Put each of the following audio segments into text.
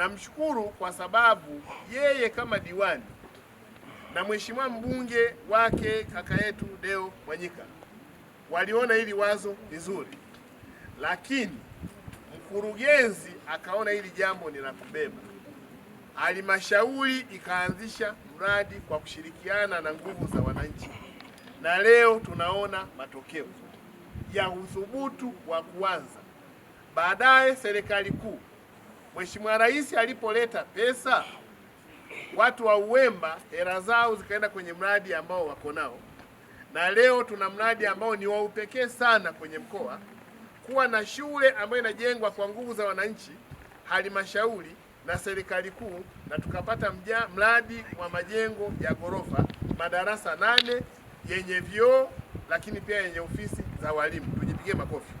namshukuru kwa sababu yeye kama diwani na mheshimiwa mbunge wake kaka yetu Deo Mwanyika waliona hili wazo vizuri, lakini mkurugenzi akaona hili jambo ni la kubeba. Halmashauri ikaanzisha mradi kwa kushirikiana na nguvu za wananchi, na leo tunaona matokeo ya uthubutu wa kuanza. Baadaye serikali kuu Mheshimiwa Rais alipoleta pesa, watu wa Uwemba hela zao zikaenda kwenye mradi ambao wako nao, na leo tuna mradi ambao ni wa upekee sana kwenye mkoa, kuwa na shule ambayo inajengwa kwa nguvu za wananchi, halmashauri na serikali kuu, na tukapata mja, mradi wa majengo ya ghorofa madarasa nane yenye vyoo lakini pia yenye ofisi za walimu. Tujipigie makofi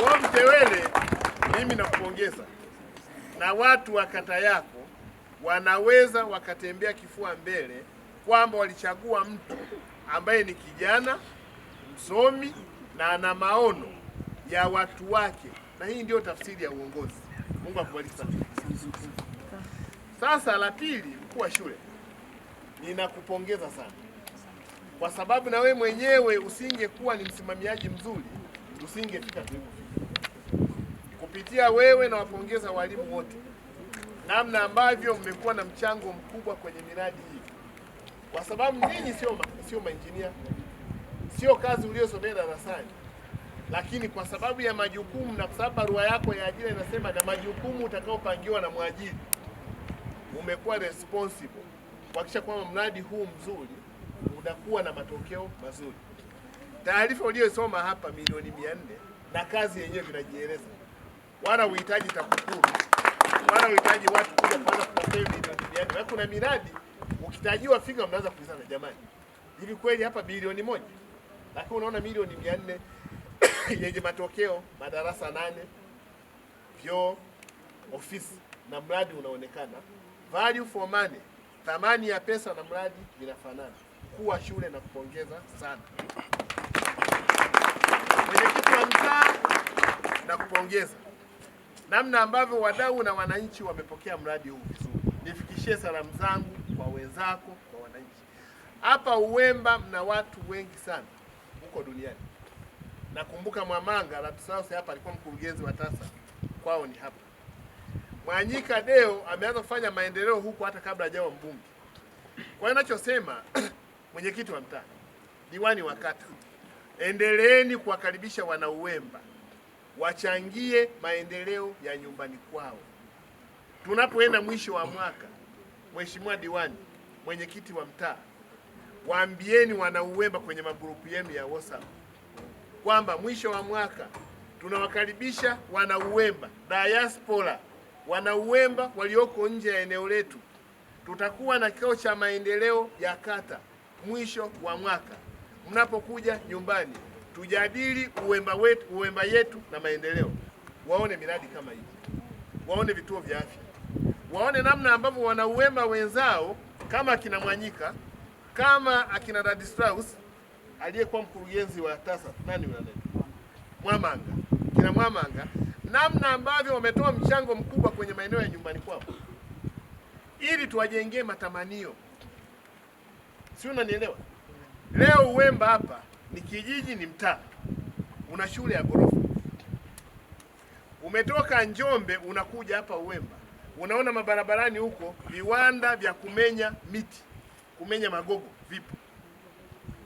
kwa Mtewele mimi nakupongeza, na watu wa kata yako wanaweza wakatembea kifua mbele kwamba walichagua mtu ambaye ni kijana msomi na ana maono ya watu wake, na hii ndio tafsiri ya uongozi. Mungu akubariki sana. Sasa la pili, mkuu wa shule, ninakupongeza sana kwa sababu na we mwenyewe usingekuwa ni msimamiaji mzuri, usingefika tulipo kupitia wewe na wapongeza walimu wote namna ambavyo mmekuwa na mchango mkubwa kwenye miradi hii, kwa sababu ninyi sio sio mainjinia, sio kazi uliosomea darasani, lakini kwa sababu ya majukumu na kwa sababu barua yako ya ajira inasema na majukumu utakaopangiwa na mwajiri, umekuwa responsible kuhakikisha kwamba mradi huu mzuri unakuwa na matokeo mazuri. Taarifa uliyosoma hapa milioni mia nne na kazi yenyewe vinajieleza wala uhitaji TAKUKURU wala uhitaji watu kuja kuanza kuaai. Kuna miradi ukitajiwa figa, mnaweza kuizana, jamani, hivi kweli hapa bilioni moja, lakini unaona milioni mia nne yenye matokeo, madarasa nane, vyoo, ofisi na mradi unaonekana value for money, thamani ya pesa na mradi vinafanana. kuwa shule na kupongeza sana, mwenyekiti wa mtaa na kupongeza namna ambavyo wadau na wananchi wamepokea mradi huu vizuri. Nifikishie salamu zangu kwa wenzako, kwa wananchi hapa Uwemba. Mna watu wengi sana huko duniani. Nakumbuka Mwamanga Latusause hapa alikuwa mkurugenzi wa tasa kwao ni hapa. Mwanyika Deo ameanza kufanya maendeleo huku hata kabla hajawa mbunge. Kwa hiyo nachosema, mwenyekiti wa mtaa, diwani wa kata, endeleeni kuwakaribisha wanauwemba wachangie maendeleo ya nyumbani kwao. Tunapoenda mwisho wa mwaka, Mheshimiwa Diwani, mwenyekiti wa mtaa, waambieni wanauwemba kwenye magrupu yenu ya WhatsApp kwamba mwisho wa mwaka tunawakaribisha wanauwemba diaspora, wanauwemba walioko nje ya eneo letu. Tutakuwa na kikao cha maendeleo ya kata mwisho wa mwaka mnapokuja nyumbani tujadili Uwemba wetu, Uwemba yetu na maendeleo. Waone miradi kama hivi, waone vituo vya afya, waone namna ambavyo wana Uwemba wenzao kama akina Mwanyika, kama akina Radistraus aliyekuwa mkurugenzi wa tasa nani Mwamanga, kina Mwamanga, namna ambavyo wametoa mchango mkubwa kwenye maeneo ya nyumbani kwao ili tuwajengee matamanio, si unanielewa? Leo Uwemba hapa ni kijiji, ni mtaa, una shule ya ghorofa. Umetoka Njombe unakuja hapa Uwemba, unaona mabarabarani huko viwanda vya kumenya miti, kumenya magogo vipo.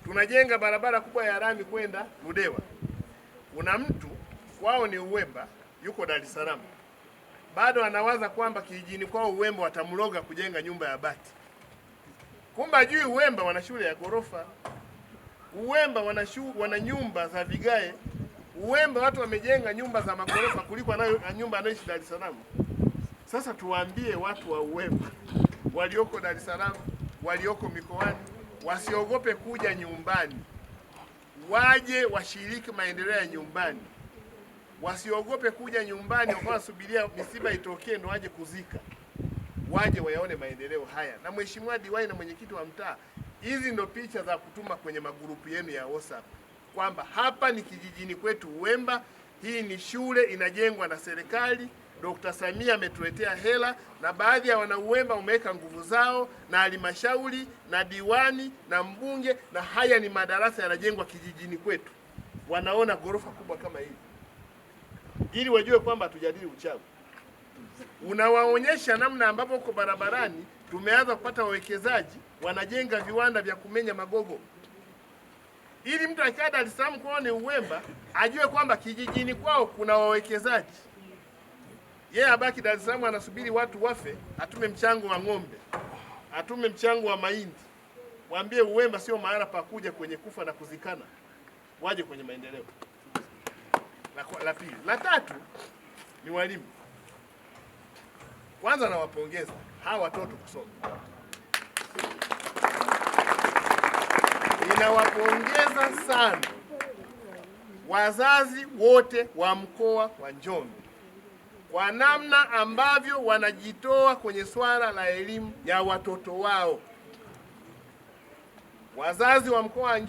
Tunajenga barabara kubwa ya rami kwenda Ludewa. Kuna mtu wao ni Uwemba, yuko Dar es Salaam, bado anawaza kwamba kijijini kwao Uwemba watamloga kujenga nyumba ya bati, kumbe juu Uwemba wana shule ya ghorofa. Uwemba wana, shu, wana nyumba za vigae. Uwemba watu wamejenga nyumba za magorofa kuliko anayo nyumba anayoishi Dar es Salaam. Sasa tuwaambie watu wa Uwemba walioko Dar es Salaam, walioko mikoani, wasiogope kuja nyumbani, waje washiriki maendeleo ya nyumbani, wasiogope kuja nyumbani kwa kusubiria misiba itokee ndo waje kuzika, waje wayaone maendeleo haya. Na mheshimiwa diwani na mwenyekiti wa mtaa Hizi ndo picha za kutuma kwenye magrupu yenu ya WhatsApp kwamba hapa ni kijijini kwetu Uwemba, hii ni shule inajengwa na serikali, Dr. Samia ametuletea hela, na baadhi ya wana Uwemba wameweka nguvu zao na halmashauri na diwani na mbunge, na haya ni madarasa yanajengwa kijijini kwetu. Wanaona ghorofa kubwa kama hivi ili wajue kwamba hatujadili uchawi unawaonyesha namna ambavyo uko barabarani. Tumeanza kupata wawekezaji wanajenga viwanda vya kumenya magogo, ili mtu akiwa Dar es Salaam kwao ni Uwemba ajue kwamba kijijini kwao kuna wawekezaji. Yeye yeah, abaki Dar es Salaam anasubiri watu wafe, atume mchango wa ng'ombe, atume mchango wa mahindi. Waambie Uwemba sio mahala pa kuja kwenye kufa na kuzikana, waje kwenye maendeleo. la pili, la tatu ni walimu. Kwanza nawapongeza hawa watoto kusoma, ninawapongeza sana wazazi wote wa mkoa wa Njombe kwa namna ambavyo wanajitoa kwenye swala la elimu ya watoto wao. Wazazi wa mkoa wa Njombe